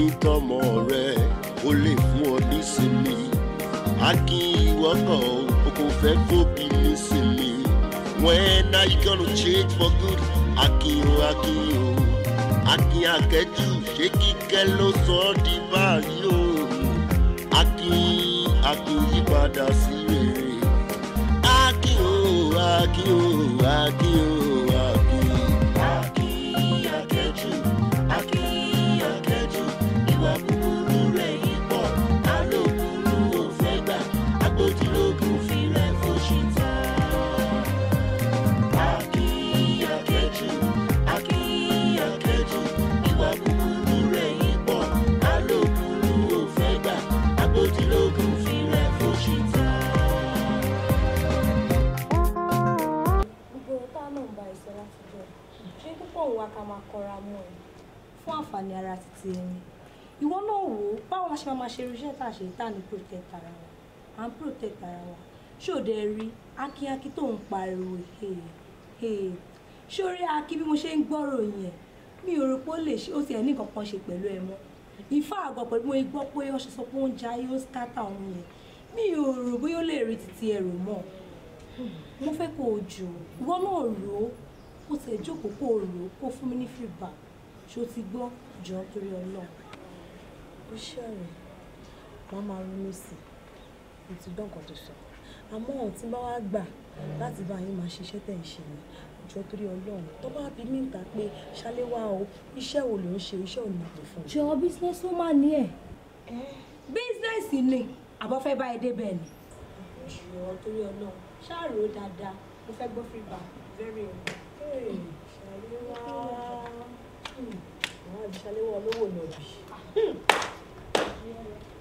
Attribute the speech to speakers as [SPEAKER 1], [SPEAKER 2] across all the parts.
[SPEAKER 1] ilé tọmọ rẹ ó lè fún ọ nísinmi akínwọ́kọ̀ kò fẹ́ kóbi nísinmi when are you gonna change for good akínyo akínyo akin akẹ́jù ṣé kíkẹ́ ló sọ ọ́ di báyìí o akin akin yípadà sí rere akin o akin o akin
[SPEAKER 2] o.
[SPEAKER 3] ṣe irú iṣẹ́ tá a ṣe tá a ní protect ara wa à ń protect ara wa ṣòdẹ rí akínyakí tó ń pariwo ṣórí akí bí mo ṣe ń gbọ́rọ̀ yẹn mi ò rò pé ó lè ṣe ó ti ẹ̀ ní nǹkan kan ṣe pẹ̀lú ẹ mọ́ ìfá àgọ́ pẹ̀lú mo gbọ́ pé ó ṣe sọ pé ó ń jayé ó skátà òun yẹn mi ò rò bóyá ó lè rí títí ẹrù mọ́ hmm, mo fẹ́ kó o jò ìwọ náà rò ó kó tẹ̀ jókòó kó o rò ó kó fún mi ní feedback ṣó ti gbọ́ jọ torí ọlọ́run. ó ṣọ̀rọ̀ wọ́n máa ronú sí i ìtúgbọ́n nǹkan tó sọ àmọ́ ohun tí bá wá gbà láti bá yín máa ṣiṣẹ́ tẹ̀ ń ṣe ni ìjọ torí ọlọ́run tó bá bí mí ta pé ṣáléwá o iṣẹ́ wo ló ń ṣe iṣẹ́ òní kò fún un. jọ bísínẹ́sì ó máa ní ẹ̀ bísínẹ́sì ni àbọ̀ fẹ́ bá ẹ débẹ̀ ni. ìṣòro torí ọlọ́run ṣáàrò dáadáa mo fẹ́ gbọ́ fìgbà very well. ṣàléwá àwọn àbíṣàléwá olówó lọ́bì. Hmm.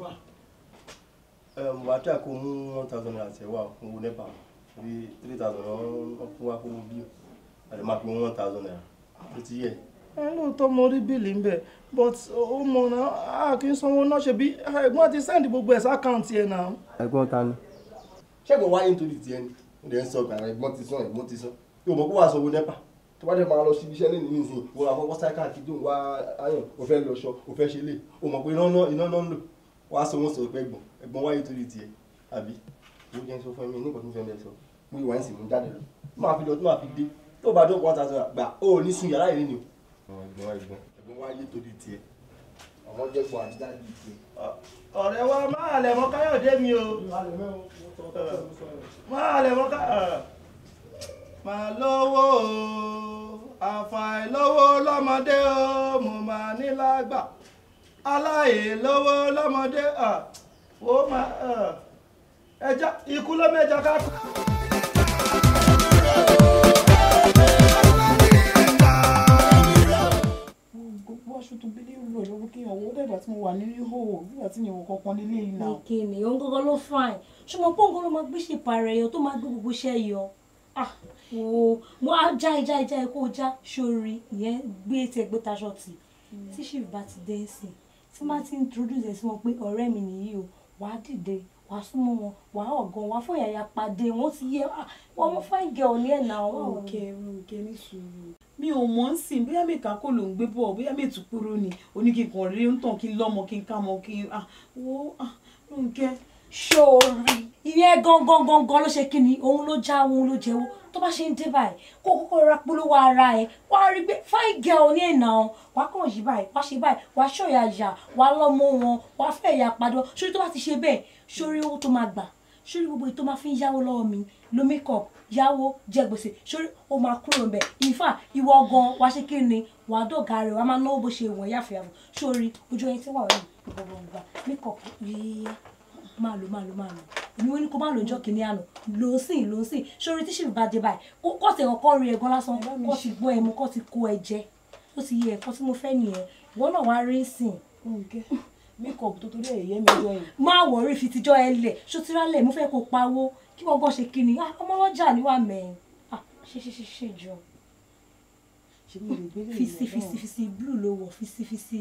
[SPEAKER 1] wà. wà á tà kó one thousand naira tẹ̀ wá fún owó nípa bí three thousand wọn fún wa fún bí àti máa fi mú one thousand naira tó ti yẹ. ẹ lóòótọ́ mo rí bíìlì ń bẹ̀ but ó mọ̀ náà a kì í sanwó náà ṣe bí ẹ̀gbọ́n ti send gbogbo ẹ̀ sí àkáǹtì ẹ̀ náà. ẹ̀gbọ́n ta ni. ṣẹ́gun wáyé nítorí tiẹ̀ ni ó lè ń sọ gbàrà ẹ̀gbọ́n ti sàn ẹ̀gbọ́n ti sàn yóò mọ̀ kó wàá sanwó nípa tó bá dẹ̀ máa lọ síbi iṣẹ́ lẹ́nu nísìnyí wọ́n àfọwọ́sáká kí tó ń wá ayọ̀ òfẹ́ lọ́ṣọ́ òfẹ́ ṣe lè ó pé iná náà ń lò wàá sọ wọn sọ̀rọ̀ fẹ́ gbọ̀n ẹ̀gbọ́n wáyé torí tiẹ̀ àbí mo jẹ́ sọ fún mi ní nǹkan tó fẹ́ bẹ́ẹ̀ sọ mo ìwà ń sì mú jáde lọ tó máa fi lọ tó máa fi dé tó bá dókòó ta sọ̀rọ̀ gbà ó ní sun yàrá yìí ni o. ẹ̀gbọ́n ẹ̀gbọ́n ẹ̀gbọ́n wáyé torí tiẹ̀ àwọn jẹ́gbọ́n àti dájú tiẹ̀. ọ̀rẹ́ wa máa lẹ̀ mọ́ káyọ̀dé mi o máa lẹ̀ mọ́ káyọ̀dé máa lọ́wọ́ o àfàìlówó lọ́mọdé o mo máa ní lágbà aláìlówó lọ́mọdé ó máa ẹja ikú ló mẹ́ja ká kú.
[SPEAKER 3] gbogbo aṣọ tó gbélé rọ lórí kí ọwọ́ ó dẹ̀gbà tí mo wà nílé ìhòòhò nígbà tí ìwọ̀n kankan nílé yìí náà. èké ni òun gangan ló fàìn ṣùgbọ́n pọ́ǹkan ló máa gbé ṣèpàrọ̀ ẹ̀yọ tó máa gbé gbogbo iṣẹ́ yọ wo mo á já ìjà ìjà ikú já sórí ìyẹn gbé tẹgbẹtaṣọ tì tí ṣì bá ti dé sí i tí má ti introduce ẹ sí wọn pé ọ̀rẹ́ mi nìyí o wàá dìde wàá súnmọ́ wọn wàá ọ̀gán wàá fọ̀yàyà pàdé wọn ti yẹ ah, wọn mo fine girl ní ẹ̀ náà. Ronke Ronke ní sùúrù mi ò mọ̀ ń sìn bóyá mẹ́ka kò ló ń gbé bọ̀ bóyá mẹ́tù kúrò ní oníkíkan rí ń tàn kí n lọ́mọ kí n ká mọ kí n wo Ronke. ṣó o rí i ìyẹn gangan gangan ló ṣe kí ni òun ló já òun ló jẹ́wọ́ tó bá ṣe ń dé báyìí kó kókó ra polówó ara ẹ wá rí pé fáì gẹ ọ ní ìnà ọ wá kàn yí báyìí wá ṣe báyìí wá ṣọ̀yà yà wá lọ́mọ wọn wá fẹ́ ìyá padà sórí tó bá ti ṣe bẹ́ẹ̀ sórí owó tó máa gbà sórí gbogbo èyí tó máa fi ń yáwó lọ́wọ́ mi lo make up yáwó jẹ gbèsè sórí ó máa kúrò ń bẹ̀ ìfà ìwọ gan wá ṣe kí ni wàá dọ̀gá rẹ̀ wàá máa náwó bó ṣe wọ̀nyí àfẹ́yàwó sórí ojú ẹyin tí wàá rẹ̀ ìbọ̀wọ̀ gbà make up yéé máa lò máa lò máa lò èmi wọn ni kó má lò ọjọ́ kìíní àná lò ó sìn lò ó sìn sórí tíṣì bá dé báyìí kó tẹ̀ kọ́kọ́ rí ẹ̀gán lásán kó ti gbọ́ ẹ̀mú kó ti kó ẹ jẹ ó ti yẹ ẹ̀kọ́ tí mo fẹ́ nìyẹn ìwọ náà wá rí sìn. makeup tó torí ẹ̀yẹ mi jọ yẹn. má wọrí fi tijọ́ ẹ lẹ̀ ṣòtírálẹ̀ mo fẹ́ kó pawó kí wọ́n gbọ́ ṣe kíni ah, ọmọ ọlọ́jà níwà mẹ́rin ah, ṣe ṣe ṣe ṣe jọ fisifisifisi blue ló wọ̀ fisifisi.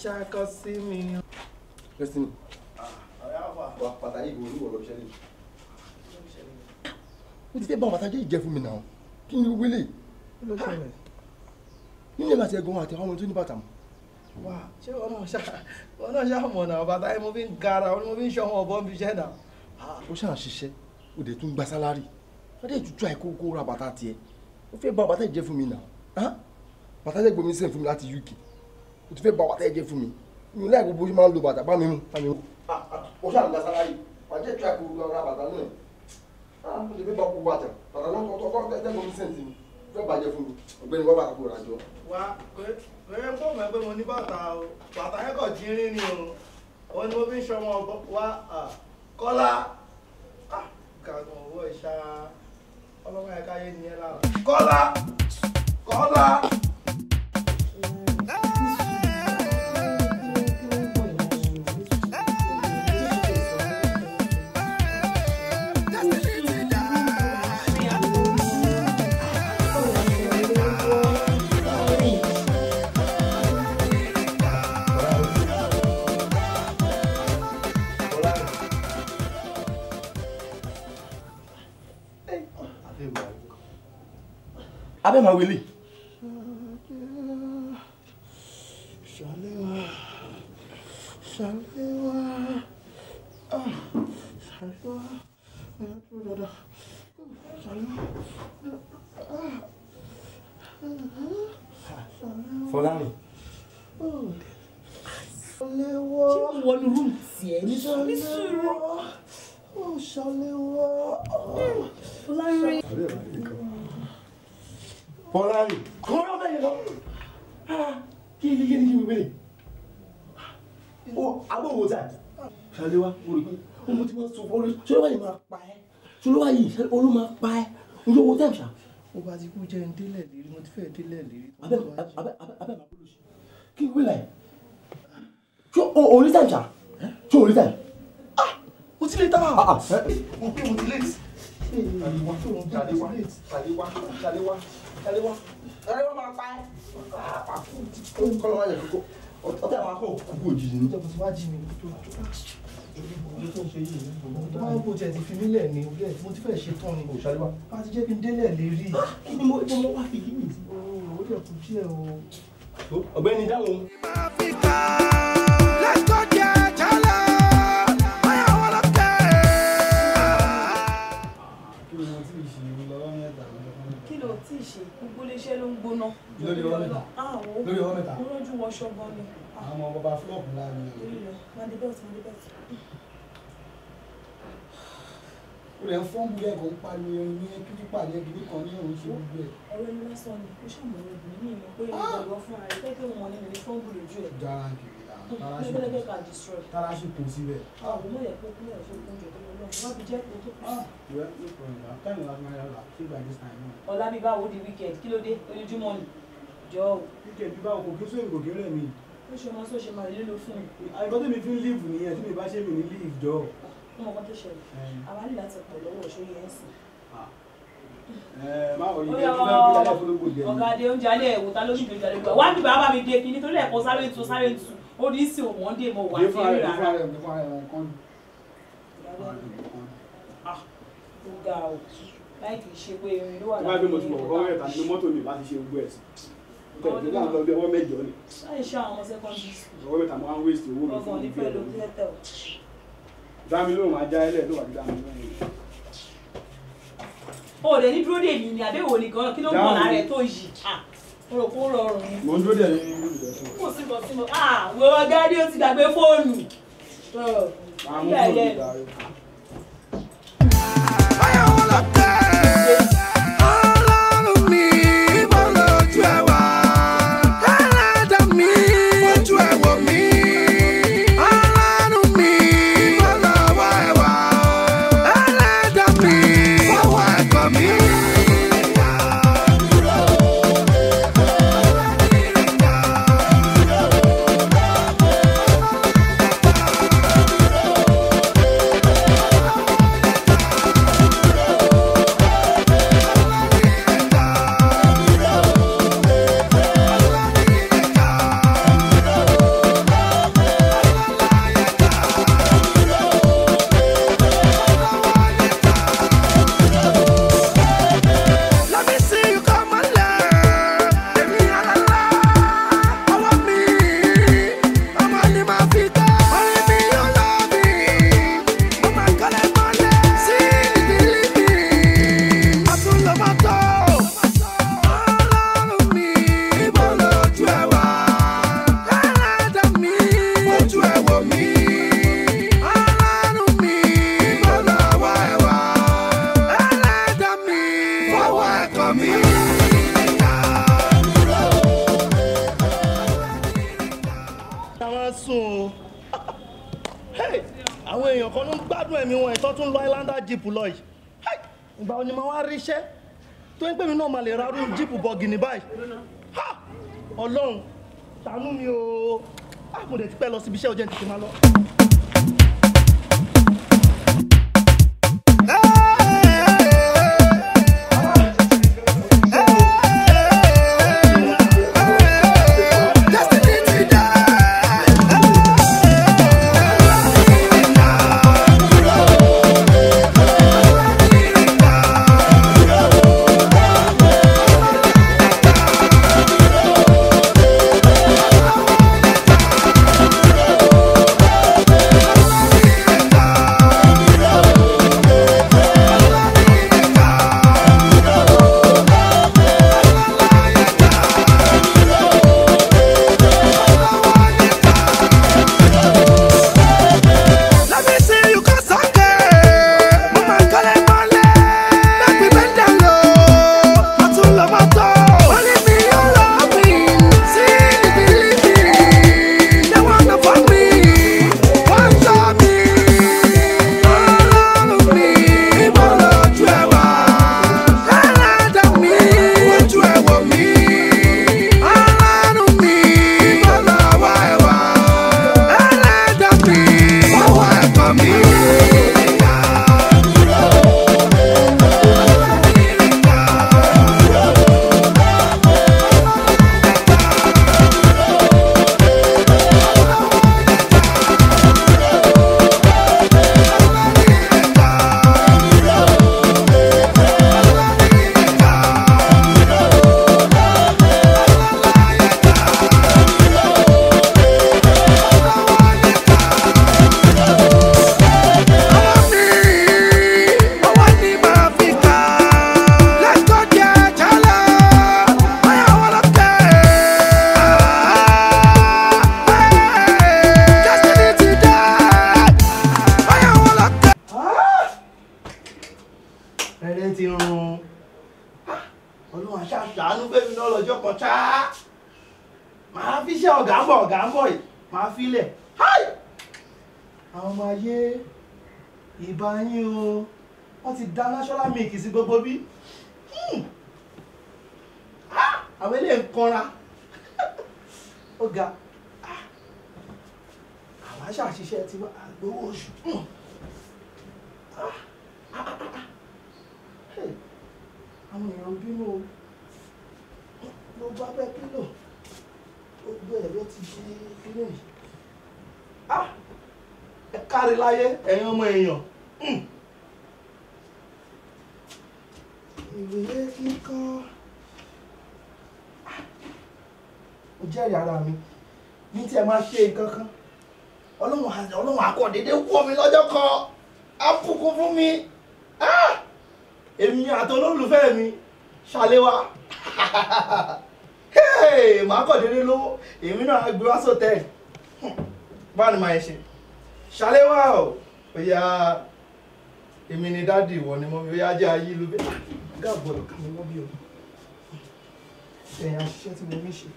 [SPEAKER 1] ṣàkọ sí mi. lẹ́sìn wa pàtàkì ìbò olúwo lọ ṣẹlẹ̀. ó ti fẹ́ bá wọn pàtàkì ìjẹ fún mi náà kí ni wílé nílẹ̀ láti ẹ̀gbọ́n àti àwọn ọmọ tó ní bàtà mọ́. wà á ṣé wọn náà ṣá wọn náà ṣá mọ̀ náà bàtà yìí mo fi ń gara wọn ni mo fi ń ṣe ọmọ ọ̀bọ̀n fi ṣẹ́ náà. ó ṣàn ṣiṣẹ́ ó dẹ̀ tún gba sálárì adé ìtútù àìkókó ra bàtà tiẹ̀ ó fẹ́ ba bàtà ìjẹ́ fún mi náà bàtà jẹ́ gbomi sẹ́yìn fún mi láti UK ó ti fẹ́ ba bàtà ìjẹ́ fún mi mi ò láì gbogbo ṣe máa ń lo bàtà bá mi mú bá mi mú. ó ṣàn gba sálárì wàá jẹ́ ìtútù àìkókó ra bàtà yóò bàjẹ́ fún mi ọ̀gbẹ́ni wọ́n bá kó ra jọ. wá pẹ̀lú pọ̀ mọ́ pé mo ní bàtà o bàtà yẹn kò jí rí ni o òun ni mo fi ń ṣọmọ ọ̀bọ wá kọ́lá gàgàn owó ìṣá ọlọ́mọ ẹ̀ka yé ni ẹ lára kọ́lá kọ́lá. Ṣàlẹ̀ máa wele.
[SPEAKER 2] Ṣàlẹ̀ wá. Ṣàlẹ̀ wá. Ṣàlẹ̀ wá. Fọlárin.
[SPEAKER 3] Ṣàlẹ̀ wá. Ṣé ìwọ ni
[SPEAKER 2] rúùmù
[SPEAKER 1] 보람이 걸어다니고 길이길이 길이 어 아무 모자 잘돼와 우리 ọmọ tí wọn sọ fún ọlọ tí olówó yìí máa pa ẹ tí olówó yìí olú máa pa ẹ ojú owó tẹ̀sán. ó bá ti kú jẹ́ ń délẹ̀ lérí mo ti fẹ́ délẹ̀ lérí. abẹ́ abẹ́ abẹ́ máa bolo ṣe kí n wílẹ̀ ṣé o ò rí tẹ̀sán ṣé o rí ah mo ti lè ta. Ah, ah, mo pé mo ti lè sí tàdéwá tàdéwá tàdéwá tàdéwá tàdéwá tàdéwá máa pa ẹ́. kọ́lọ́ máa yẹ kókó ọtí àwọn akọ̀ kókó òjijì ni. ìjọba tí wàá jí mi tó wọ́n bó tiẹ̀ ti fi mí lẹ̀ ní orí ẹ̀ mo ti fẹ́ ṣe tán ni. òṣàlẹ́wà. bá a ti jẹ́ kí n délẹ̀ lè rí i. kí ni mo mo wá fi yí mi. ó yẹ kó díẹ̀ dáhùn.
[SPEAKER 3] kí ló tí ì ṣe gbogbo iléeṣẹ́ ló ń gbóná. lórí ọwọ́ mẹ́ta ah, lórí ọwọ́ mẹ́ta. olójú wọ ṣọ́gbọ́n ni. Ah.
[SPEAKER 1] àwọn ọmọ bàbá fúlọ̀pù láàrin. o lè fọ́n bu ẹ̀kọ́ ń pariwo ẹni ní kíní pàdé kíní kan ní òun ṣe gbogbo ẹ̀.
[SPEAKER 3] ọ̀rọ̀ ẹni lásán ni kó ṣàmùlò obìnrin ní ìmọ̀ pé ah! ìgbàgbọ́ fún ara rẹ̀ pé kí wọ́n ní ìrìn fọ́n bu lójú ẹ̀ lẹ́gbẹ̀lẹ́gbẹ̀ ká destroy. tara sì kún síbẹ̀. àwọn ọmọ yẹn kó kúlẹ̀ fún oúnjẹ tó lọ lọ́wọ́ wọ́n tó kú. Ah, ìwé ìpò ìgbà di weekend kí ló dé ojoojúmọ́ ni jọ o. weekend bí báwo kò kí sóyìn kò kí rẹ̀ mi. ó ṣe ọmọ sóṣe máa lélo fún mi.
[SPEAKER 1] àìkọ́ tèmi fi ń leave nìyẹn tí mi bá ṣe mi ní leave jọ.
[SPEAKER 3] ọmọ ah, kan tó ṣẹlẹ̀ àwa nílà ti pọ̀ lọ́wọ́ ìṣòro yẹn sìn ah. ọ̀gá de oúnjẹ alẹ́ ẹ̀wò ta ló ní ìdòjì àlejò wá bíbá bá mi dé kí nítorí ẹ̀kọ́ sáré tu sáré tu ó ní sí òun dé mo wà ní rírà rà ah, ó ga láì kì ṣe pé irin ló wà lábẹ́ mọ́tò
[SPEAKER 1] mi láti ṣe gbogbo ẹ̀ sí nǹkan ìdílé àwọn ọlọ́bí ọwọ́ mẹ́jọ ni.
[SPEAKER 3] láì ṣe àwọn secondary
[SPEAKER 1] ọwọ́ mẹ́ta máa ń wéṣì owó mi fún ìgbé ẹ̀rọ
[SPEAKER 3] mi.
[SPEAKER 1] dámi lóhùn ajá ẹlẹ́ ló wà ní dámi lóhùn.
[SPEAKER 3] o ní dúró dè mí ni àbẹ́wò ni gan-an kí ló ń bọ̀ lára ẹ̀ tó yìí. Ah rò kó rọrùn ni.
[SPEAKER 1] mo ń dúró dẹ̀ ní ìlú ìjọsìn. kò
[SPEAKER 3] sí bọ̀ sí bọ̀ ah wo ọgá rí o ti gbàgbé fóònù. àwọn fóònù ìgbà rẹ. báyọ̀
[SPEAKER 2] wọn lọ tẹ́
[SPEAKER 1] wọn sùn o àwọn èèyàn kan ló ń gbádùn ẹ̀mí wọn ìtọ́ tún lọ islander jeep lọ yìí ìgbà òní máa wá ríṣẹ́ tó ń pè mí náà máa lè rárú jeep bọ́ọ̀gì ní báyìí ọlọ́run tànú mi o àmọ̀dé ah, ti pẹ́ lọ síbi iṣẹ́ ọjọ́ ìtìtì máa lọ. ṣá màá fi ṣe ọ̀gá ń bọ̀ ọ̀gá ń bọ̀ yìí màá fi lẹ̀ háì àwọn ọmọ ayé ìbá yín o wọ́n ti dá national milk sí gbogbo bí hmm. àwọn ilé ń kanra ó ga àwa ṣàṣiṣẹ́ tiwa àgbowó oṣù hmm. àwọn èèyàn bínú o. sáré láyé ẹ̀yin ọmọ èèyàn. Hmm. ìwé kíkọ́ ah. mo jẹ́rìí ara mi ní tí ẹ máa ṣe nǹkan kan ọlọ́run àkọ́dédé wọ́ mi lọ́jọ́ kan á fún mi ah. èmi àtọ́lólùfẹ́ mi ṣàléwá màá kọ̀dédé lówó èmi náà á gbé wá sọ́tẹ̀ hmm. báwo ni màá ṣe ṣàléwà o bóyá èmi ni dáàdì ìwọ ni mo bóyá jẹ́ ayé ló bẹ́ẹ̀ gàgbọ́dọ̀ kà mí lọ́bí o ẹ̀yìn àṣìṣe tí mo ní ṣe.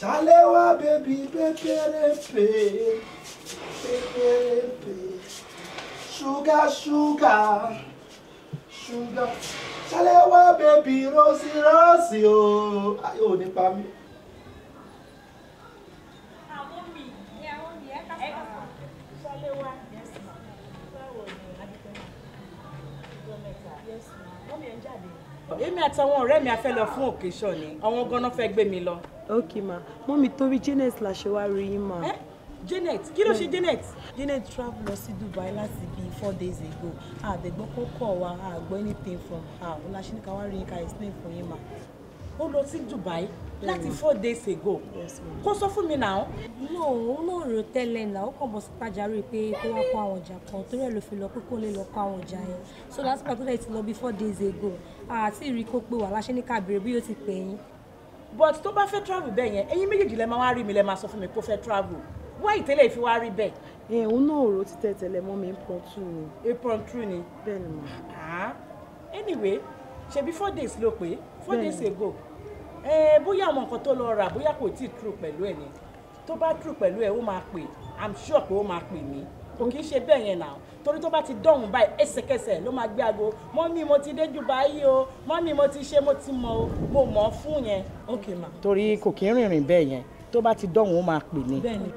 [SPEAKER 2] ṣàléwà bèbí
[SPEAKER 1] pépérépè pépérépè ṣúgà ṣúgà ṣúgà ṣàléwà bèbí rọ́ọ̀sì rọ́ọ̀sì o ayé ò ní
[SPEAKER 3] èmi àtàwọn ọ̀rẹ́ mi a fẹ́ lọ fún occasion ni àwọn gan-an fẹ́ gbé mi lọ. ok ma mú mi torí Janet la ṣe wá rí yín ma. Janet kí ló ṣe Janet. Janet travel lọ sí Dubai láti bí four days ago àdẹ̀gbọ́kọ̀ kọ̀ wa àgbọ́ anything from her ọ̀la ṣe ní ká wá rí yín ká explain fún yín ma ó lọ sí Dubai hmm. láti four days ago kó sọ fún mi náà. no òun náà rò tẹ́lẹ̀ náà ó kàn bọ̀ sí pàjáwìrì pé kó wá kó àwọn ọjà kan torí ẹ̀ ló fi lọ pé kó lè lọ kó àwọn ọjà yẹn so láti pàtó lẹ́yìn ti lọ bí four days ago àti ìrí kó pé wà láṣẹ ní kábìrì bí yóò ti pè yín. but tó bá fẹ́ travel bẹ́ẹ̀ yẹn ẹ̀yin méjèèjì lẹ́ máa wá rí mi lẹ́ máa sọ fún mi kó fẹ́ travel wá ìtẹ́lẹ̀ ìfi wá rí bẹ́ẹ̀. ẹ òun náà rò ti tẹ̀tẹ̀lẹ̀ mọ́ mi apron two ni. apron two ah, anyway ṣebí four days ló pé four days ago bóyá àwọn nǹkan tó lọ rà bóyá kò tí ì true pẹ̀lú ẹ̀ ni tó bá true pẹ̀lú ẹ̀ ó máa pè i'm sure pé ó máa pè mí kò kì í ṣe bẹ́ẹ̀ yẹn náà torí tó bá ti dọ̀hún báyìí ẹsẹ̀kẹsẹ̀ ló máa gbé aago mọ́mí mo ti dé Dubai o mọ́mí mo ti ṣe mo ti mọ̀ o mo mọ̀ ọ́ fún yẹn. torí kò kí ń rìnrìn bẹ́ẹ̀ yẹn tó bá ti dọ̀hún ó máa pè ní. bẹ́ẹ̀ ni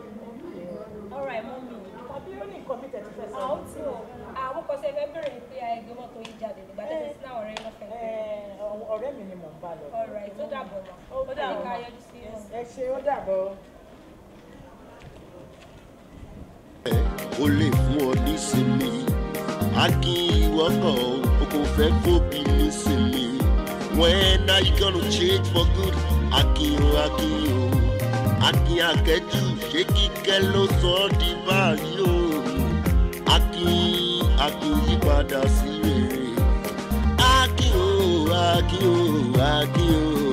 [SPEAKER 3] mọ̀ ń bá lọ. ọ̀rọ̀ ẹ̀ tó dàbọ̀ ó dàbọ̀ ká yọjú sí ẹ. ẹ ṣe ó dàbọ̀.
[SPEAKER 1] o lè fún ọ ní sinmi a kì í wọ́kọ̀ o kò fẹ́ kóbi ní sinmi when are you gonna change for good akiyo akiyo akin akẹ́jù ṣé kíkẹ́ ló sọ ọ́ di báyìí o akin akin yípadà sí rere akí o
[SPEAKER 2] akí